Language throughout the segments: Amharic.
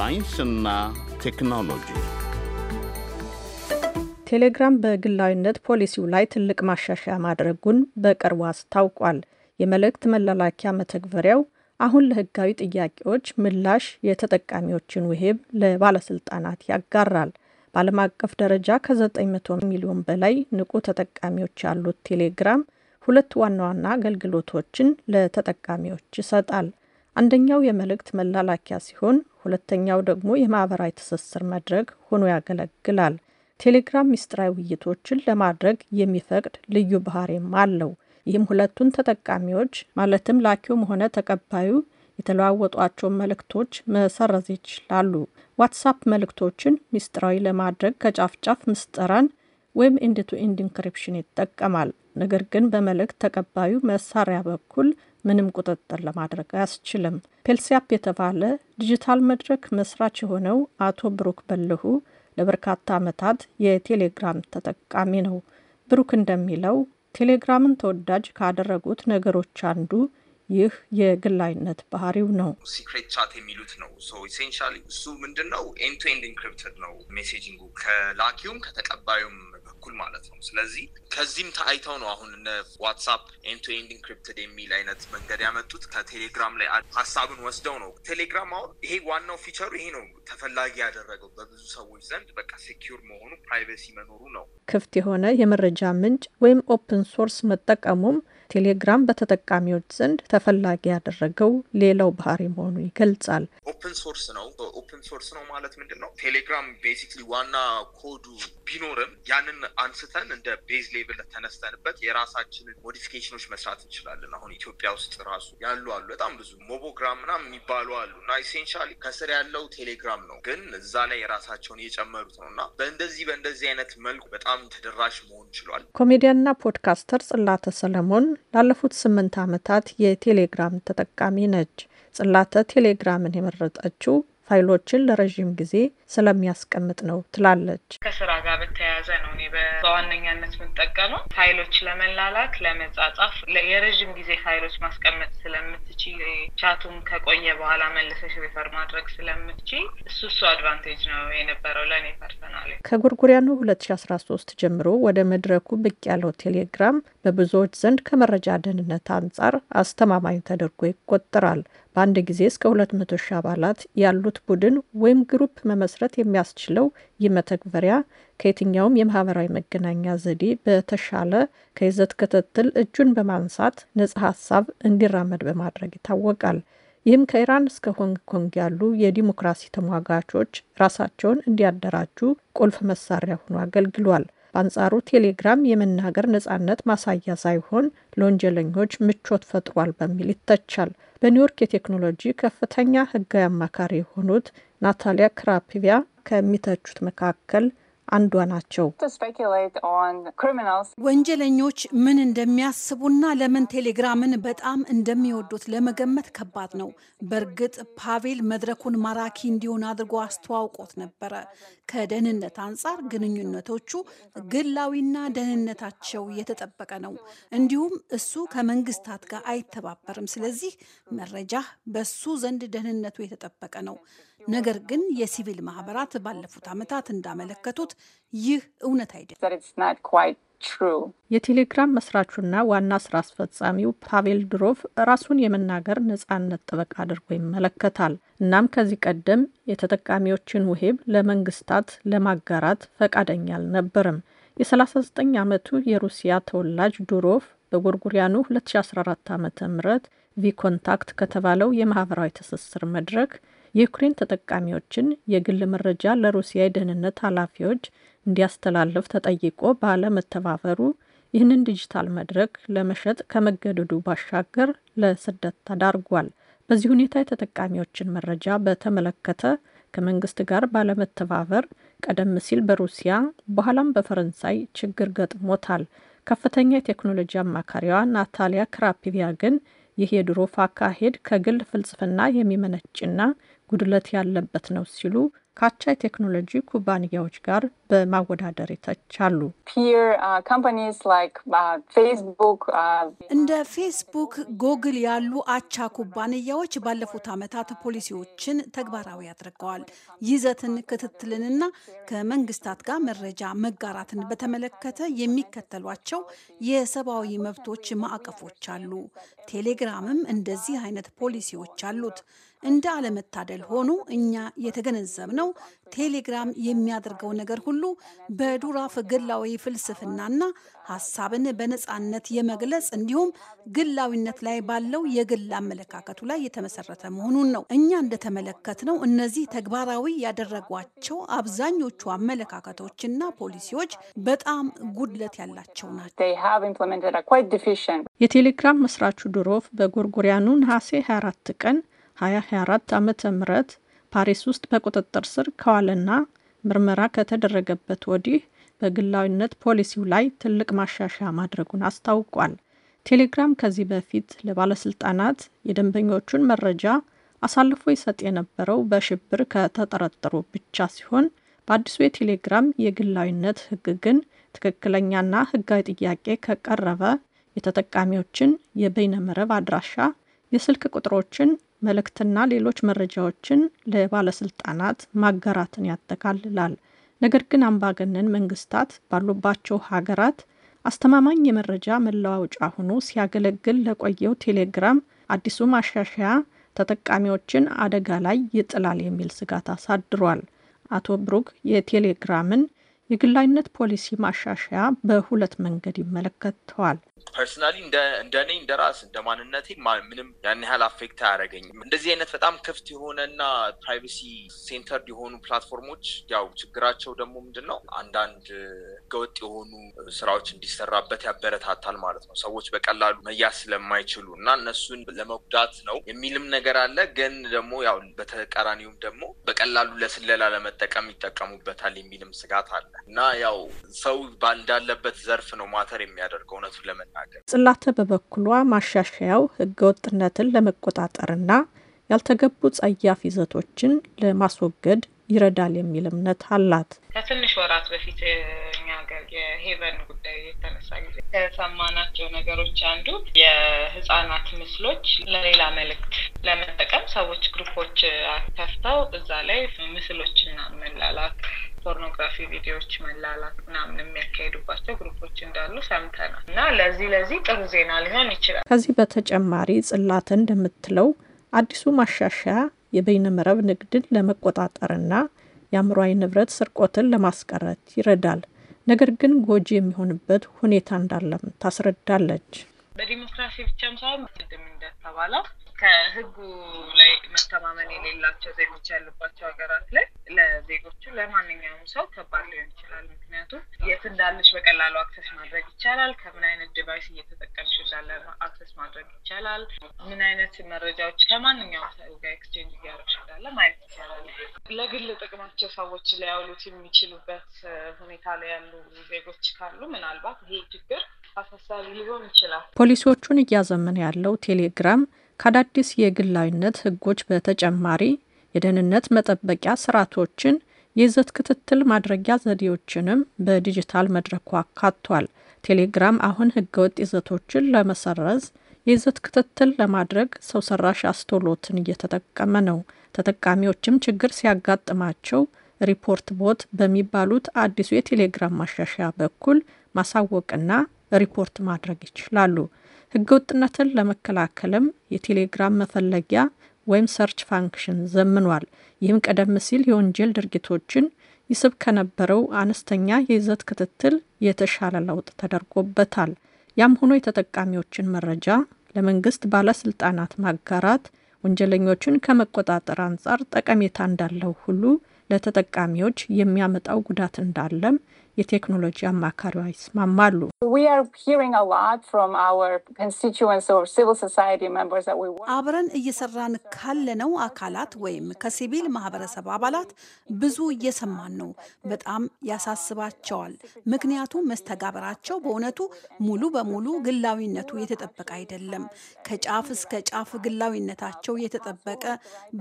ሳይንስና ቴክኖሎጂ ቴሌግራም በግላዊነት ፖሊሲው ላይ ትልቅ ማሻሻያ ማድረጉን በቅርቡ አስታውቋል። የመልእክት መላላኪያ መተግበሪያው አሁን ለሕጋዊ ጥያቄዎች ምላሽ የተጠቃሚዎችን ውሂብ ለባለስልጣናት ያጋራል። በዓለም አቀፍ ደረጃ ከ900 ሚሊዮን በላይ ንቁ ተጠቃሚዎች ያሉት ቴሌግራም ሁለት ዋና ዋና አገልግሎቶችን ለተጠቃሚዎች ይሰጣል። አንደኛው የመልእክት መላላኪያ ሲሆን ሁለተኛው ደግሞ የማህበራዊ ትስስር መድረክ ሆኖ ያገለግላል። ቴሌግራም ሚስጥራዊ ውይይቶችን ለማድረግ የሚፈቅድ ልዩ ባህሪም አለው። ይህም ሁለቱን ተጠቃሚዎች ማለትም ላኪውም ሆነ ተቀባዩ የተለዋወጧቸውን መልእክቶች መሰረዝ ይችላሉ። ዋትሳፕ መልእክቶችን ሚስጥራዊ ለማድረግ ከጫፍ ጫፍ ወይም ኢንድ ቱ ኢንድ ኢንክሪፕሽን ይጠቀማል። ነገር ግን በመልእክት ተቀባዩ መሳሪያ በኩል ምንም ቁጥጥር ለማድረግ አያስችልም። ፔልሲያፕ የተባለ ዲጂታል መድረክ መስራች የሆነው አቶ ብሩክ በልሁ ለበርካታ ዓመታት የቴሌግራም ተጠቃሚ ነው። ብሩክ እንደሚለው ቴሌግራምን ተወዳጅ ካደረጉት ነገሮች አንዱ ይህ የግላይነት ባህሪው ነው። ሲክሬት ቻት የሚሉት ነው። ኢሴንሻሊ እሱ ምንድን ነው? ኤንድ ቱ ኤንድ ኢንክሪፕትድ ነው ሜሴጂንጉ ከላኪውም ከተቀባዩም በኩል ማለት ነው። ስለዚህ ከዚህም ተአይተው ነው አሁን እነ ዋትሳፕ ኤንድ ኤንድ ኢንክሪፕትድ የሚል አይነት መንገድ ያመጡት ከቴሌግራም ላይ ሀሳብን ወስደው ነው። ቴሌግራም አሁን ይሄ ዋናው ፊቸሩ ይሄ ነው ተፈላጊ ያደረገው በብዙ ሰዎች ዘንድ በቃ ሴኪር መሆኑ ፕራይቬሲ መኖሩ ነው። ክፍት የሆነ የመረጃ ምንጭ ወይም ኦፕን ሶርስ መጠቀሙም ቴሌግራም በተጠቃሚዎች ዘንድ ተፈላጊ ያደረገው ሌላው ባህሪ መሆኑ ይገልጻል። ኦፕን ሶርስ ነው። ኦፕን ሶርስ ነው ማለት ምንድን ነው? ቴሌግራም ቤሲክሊ ዋና ኮዱ ቢኖርም ያንን አንስተን እንደ ቤዝ ሌቭል ተነስተንበት የራሳችንን ሞዲፊኬሽኖች መስራት እንችላለን። አሁን ኢትዮጵያ ውስጥ ራሱ ያሉ አሉ በጣም ብዙ ሞቦግራም ምናምን የሚባሉ አሉ እና ኢሴንሻሊ ከስር ያለው ቴሌግራም ነው፣ ግን እዛ ላይ የራሳቸውን እየጨመሩት ነው እና በእንደዚህ በእንደዚህ አይነት መልኩ በጣም ተደራሽ መሆን ችሏል። ኮሜዲያንና ፖድካስተር ጽላተ ሰለሞን ላለፉት ስምንት ዓመታት የቴሌግራም ተጠቃሚ ነች። ጽላተ ቴሌግራምን የመረጠችው ፋይሎችን ለረዥም ጊዜ ስለሚያስቀምጥ ነው ትላለች። ከስራ ጋር በተያያዘ ነው እኔ በዋነኛነት የምጠቀመው ፋይሎች ለመላላክ፣ ለመጻጻፍ የረዥም ጊዜ ፋይሎች ማስቀመጥ ስለምትች ቻቱም ከቆየ በኋላ መለሰሽ ሪፈር ማድረግ ስለምትች እሱ እሱ አድቫንቴጅ ነው የነበረው ለእኔ ፐርሰናል። አስራ 2013 ጀምሮ ወደ መድረኩ ብቅ ያለው ቴሌግራም በብዙዎች ዘንድ ከመረጃ ደህንነት አንጻር አስተማማኝ ተደርጎ ይቆጠራል። በአንድ ጊዜ እስከ መቶ ሺህ አባላት ያሉት ቡድን ወይም ግሩፕ መመስረት የሚያስችለው ይህ መተግበሪያ ከየትኛውም የማህበራዊ መገናኛ ዘዴ በተሻለ ከይዘት ክትትል እጁን በማንሳት ነጻ ሀሳብ እንዲራመድ በማድረግ ይታወቃል። ይህም ከኢራን እስከ ሆንግ ኮንግ ያሉ የዲሞክራሲ ተሟጋቾች ራሳቸውን እንዲያደራጁ ቁልፍ መሳሪያ ሆኖ አገልግሏል። በአንጻሩ ቴሌግራም የመናገር ነጻነት ማሳያ ሳይሆን ለወንጀለኞች ምቾት ፈጥሯል በሚል ይተቻል። በኒውዮርክ የቴክኖሎጂ ከፍተኛ ሕጋዊ አማካሪ የሆኑት ናታሊያ ክራፒቪያ ከሚተቹት መካከል አንዷ ናቸው። ወንጀለኞች ምን እንደሚያስቡና ለምን ቴሌግራምን በጣም እንደሚወዱት ለመገመት ከባድ ነው። በእርግጥ ፓቬል መድረኩን ማራኪ እንዲሆን አድርጎ አስተዋውቆት ነበረ። ከደህንነት አንጻር ግንኙነቶቹ ግላዊና ደህንነታቸው የተጠበቀ ነው። እንዲሁም እሱ ከመንግስታት ጋር አይተባበርም። ስለዚህ መረጃ በሱ ዘንድ ደህንነቱ የተጠበቀ ነው። ነገር ግን የሲቪል ማህበራት ባለፉት ዓመታት እንዳመለከቱት ይህ እውነት አይደለም። የቴሌግራም መስራቹና ዋና ስራ አስፈጻሚው ፓቬል ድሮቭ ራሱን የመናገር ነጻነት ጥበቃ አድርጎ ይመለከታል። እናም ከዚህ ቀደም የተጠቃሚዎችን ውሄብ ለመንግስታት ለማጋራት ፈቃደኛ አልነበርም። የ39 ዓመቱ የሩሲያ ተወላጅ ዱሮቭ በጎርጎሪያኑ 2014 ዓ ም ቪኮንታክት ከተባለው የማህበራዊ ትስስር መድረክ የዩክሬን ተጠቃሚዎችን የግል መረጃ ለሩሲያ የደህንነት ኃላፊዎች እንዲያስተላልፍ ተጠይቆ ባለመተባበሩ ይህንን ዲጂታል መድረክ ለመሸጥ ከመገደዱ ባሻገር ለስደት ተዳርጓል። በዚህ ሁኔታ የተጠቃሚዎችን መረጃ በተመለከተ ከመንግስት ጋር ባለመተባበር ቀደም ሲል በሩሲያ በኋላም በፈረንሳይ ችግር ገጥሞታል። ከፍተኛ የቴክኖሎጂ አማካሪዋ ናታሊያ ክራፒቪያ ግን ይህ የድሮ አካሄድ ከግል ፍልስፍና የሚመነጭና ጉድለት ያለበት ነው ሲሉ ካቻ ቴክኖሎጂ ኩባንያዎች ጋር በማወዳደር ይተቻሉ። uh, uh, uh, እንደ ፌስቡክ፣ ጎግል ያሉ አቻ ኩባንያዎች ባለፉት ዓመታት ፖሊሲዎችን ተግባራዊ አድርገዋል። ይዘትን፣ ክትትልንና ከመንግስታት ጋር መረጃ መጋራትን በተመለከተ የሚከተሏቸው የሰብአዊ መብቶች ማዕቀፎች አሉ። ቴሌግራምም እንደዚህ አይነት ፖሊሲዎች አሉት። እንደ አለመታደል ሆኖ እኛ የተገነዘብነው ቴሌግራም የሚያደርገው ነገር ሁሉ በዱራፍ ግላዊ ፍልስፍናና ሀሳብን በነፃነት የመግለጽ እንዲሁም ግላዊነት ላይ ባለው የግል አመለካከቱ ላይ የተመሰረተ መሆኑን ነው። እኛ እንደተመለከትነው እነዚህ ተግባራዊ ያደረጓቸው አብዛኞቹ አመለካከቶችና ፖሊሲዎች በጣም ጉድለት ያላቸው ናቸው። የቴሌግራም መስራቹ ዱሮፍ በጎርጎሪያኑ ነሐሴ 24 ቀን 2024 ዓ ም ፓሪስ ውስጥ በቁጥጥር ስር ከዋለና ምርመራ ከተደረገበት ወዲህ በግላዊነት ፖሊሲው ላይ ትልቅ ማሻሻያ ማድረጉን አስታውቋል። ቴሌግራም ከዚህ በፊት ለባለስልጣናት የደንበኞቹን መረጃ አሳልፎ ይሰጥ የነበረው በሽብር ከተጠረጠሩ ብቻ ሲሆን በአዲሱ የቴሌግራም የግላዊነት ሕግ ግን ትክክለኛና ሕጋዊ ጥያቄ ከቀረበ የተጠቃሚዎችን የበይነመረብ አድራሻ፣ የስልክ ቁጥሮችን፣ መልእክትና ሌሎች መረጃዎችን ለባለስልጣናት ማጋራትን ያጠቃልላል። ነገር ግን አምባገነን መንግስታት ባሉባቸው ሀገራት አስተማማኝ የመረጃ መለዋወጫ ሆኖ ሲያገለግል ለቆየው ቴሌግራም አዲሱ ማሻሻያ ተጠቃሚዎችን አደጋ ላይ ይጥላል የሚል ስጋት አሳድሯል። አቶ ብሩክ የቴሌግራምን የግላዊነት ፖሊሲ ማሻሻያ በሁለት መንገድ ይመለከተዋል። ፐርሰናሊ እንደ እኔ እንደ ራስ እንደ ማንነቴ ምንም ያን ያህል አፌክት አያደርገኝም። እንደዚህ አይነት በጣም ክፍት የሆነና ፕራይቬሲ ሴንተር የሆኑ ፕላትፎርሞች ያው ችግራቸው ደግሞ ምንድን ነው፣ አንዳንድ ህገወጥ የሆኑ ስራዎች እንዲሰራበት ያበረታታል ማለት ነው። ሰዎች በቀላሉ መያዝ ስለማይችሉ እና እነሱን ለመጉዳት ነው የሚልም ነገር አለ። ግን ደግሞ ያው በተቃራኒውም ደግሞ በቀላሉ ለስለላ ለመጠቀም ይጠቀሙበታል የሚልም ስጋት አለ። እና ያው ሰው እንዳለበት ዘርፍ ነው ማተር የሚያደርገው እውነቱን ለመናገር። ጽላተ በበኩሏ ማሻሻያው ህገወጥነትን ለመቆጣጠርና ያልተገቡ ጸያፍ ይዘቶችን ለማስወገድ ይረዳል የሚል እምነት አላት። ከትንሽ ወራት በፊት እኛ ሀገር የሄቨን ጉዳይ የተነሳ ጊዜ ከሰማናቸው ነገሮች አንዱ የህጻናት ምስሎች ለሌላ መልእክት ለመጠቀም ሰዎች ግሩፖች ከፍተው እዛ ላይ ምስሎችና መላላክ ፖርኖግራፊ ቪዲዮዎች መላላት ምናምን የሚያካሄዱባቸው ግሩፖች እንዳሉ ሰምተናል እና ለዚህ ለዚህ ጥሩ ዜና ሊሆን ይችላል። ከዚህ በተጨማሪ ጽላት እንደምትለው አዲሱ ማሻሻያ የበይነመረብ ንግድን ለመቆጣጠርና የአእምሯዊ ንብረት ስርቆትን ለማስቀረት ይረዳል። ነገር ግን ጎጂ የሚሆንበት ሁኔታ እንዳለም ታስረዳለች። በዲሞክራሲ ብቻም ሳይሆን ቅድም እንደተባለው ከህጉ ላይ መተማመን የሌላቸው ዜጎች ያሉባቸው ሀገራት ላይ ለዜጎቹ ለማንኛውም ሰው ከባድ ሊሆን ይችላል። ምክንያቱም የት እንዳለሽ በቀላሉ አክሰስ ማድረግ ይቻላል። ከምን አይነት ዲቫይስ እየተጠቀምሽ እንዳለ አክሰስ ማድረግ ይቻላል። ምን አይነት መረጃዎች ከማንኛውም ሰው ጋር ኤክስቼንጅ እያደረግሽ እንዳለ ማየት ይቻላል። ለግል ጥቅማቸው ሰዎች ሊያውሉት የሚችሉበት ሁኔታ ላይ ያሉ ዜጎች ካሉ ምናልባት ይሄ ችግር አሳሳቢ ሊሆን ይችላል። ፖሊሲዎቹን እያዘመነ ያለው ቴሌግራም ከአዳዲስ የግላዊነት ህጎች በተጨማሪ የደህንነት መጠበቂያ ስርዓቶችን፣ የይዘት ክትትል ማድረጊያ ዘዴዎችንም በዲጂታል መድረኩ አካቷል። ቴሌግራም አሁን ህገወጥ ይዘቶችን ለመሰረዝ የይዘት ክትትል ለማድረግ ሰው ሰራሽ አስተውሎትን እየተጠቀመ ነው። ተጠቃሚዎችም ችግር ሲያጋጥማቸው ሪፖርት ቦት በሚባሉት አዲሱ የቴሌግራም ማሻሻያ በኩል ማሳወቅና ሪፖርት ማድረግ ይችላሉ። ህገወጥነትን ለመከላከልም የቴሌግራም መፈለጊያ ወይም ሰርች ፋንክሽን ዘምኗል። ይህም ቀደም ሲል የወንጀል ድርጊቶችን ይስብ ከነበረው አነስተኛ የይዘት ክትትል የተሻለ ለውጥ ተደርጎበታል። ያም ሆኖ የተጠቃሚዎችን መረጃ ለመንግስት ባለስልጣናት ማጋራት ወንጀለኞችን ከመቆጣጠር አንጻር ጠቀሜታ እንዳለው ሁሉ ለተጠቃሚዎች የሚያመጣው ጉዳት እንዳለም የቴክኖሎጂ አማካሪዋ ይስማማሉ። አብረን እየሰራን ካለነው አካላት ወይም ከሲቪል ማህበረሰብ አባላት ብዙ እየሰማን ነው። በጣም ያሳስባቸዋል። ምክንያቱም መስተጋበራቸው በእውነቱ ሙሉ በሙሉ ግላዊነቱ የተጠበቀ አይደለም። ከጫፍ እስከ ጫፍ ግላዊነታቸው የተጠበቀ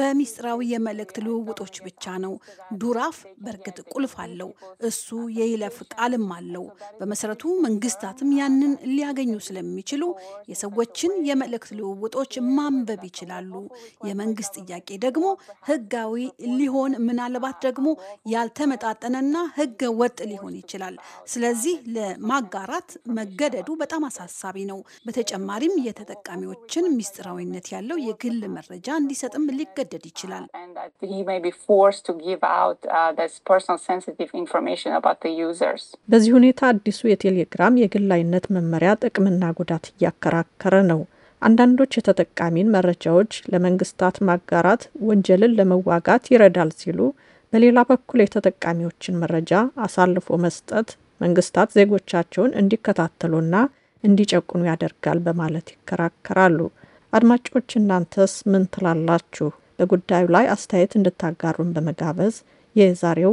በሚስጥራዊ የመልእክት ልውውጦች ብቻ ነው። ዱራፍ በእርግጥ ቁልፍ አለው። እሱ የይ የይለፍ ቃልም አለው። በመሰረቱ መንግስታትም ያንን ሊያገኙ ስለሚችሉ የሰዎችን የመልእክት ልውውጦች ማንበብ ይችላሉ። የመንግስት ጥያቄ ደግሞ ህጋዊ ሊሆን ምናልባት ደግሞ ያልተመጣጠነና ህገ ወጥ ሊሆን ይችላል። ስለዚህ ለማጋራት መገደዱ በጣም አሳሳቢ ነው። በተጨማሪም የተጠቃሚዎችን ሚስጥራዊነት ያለው የግል መረጃ እንዲሰጥም ሊገደድ ይችላል። በዚህ ሁኔታ አዲሱ የቴሌግራም የግላይነት መመሪያ ጥቅምና ጉዳት እያከራከረ ነው። አንዳንዶች የተጠቃሚን መረጃዎች ለመንግስታት ማጋራት ወንጀልን ለመዋጋት ይረዳል ሲሉ፣ በሌላ በኩል የተጠቃሚዎችን መረጃ አሳልፎ መስጠት መንግስታት ዜጎቻቸውን እንዲከታተሉና እንዲጨቁኑ ያደርጋል በማለት ይከራከራሉ። አድማጮች እናንተስ ምን ትላላችሁ? በጉዳዩ ላይ አስተያየት እንድታጋሩን በመጋበዝ የዛሬው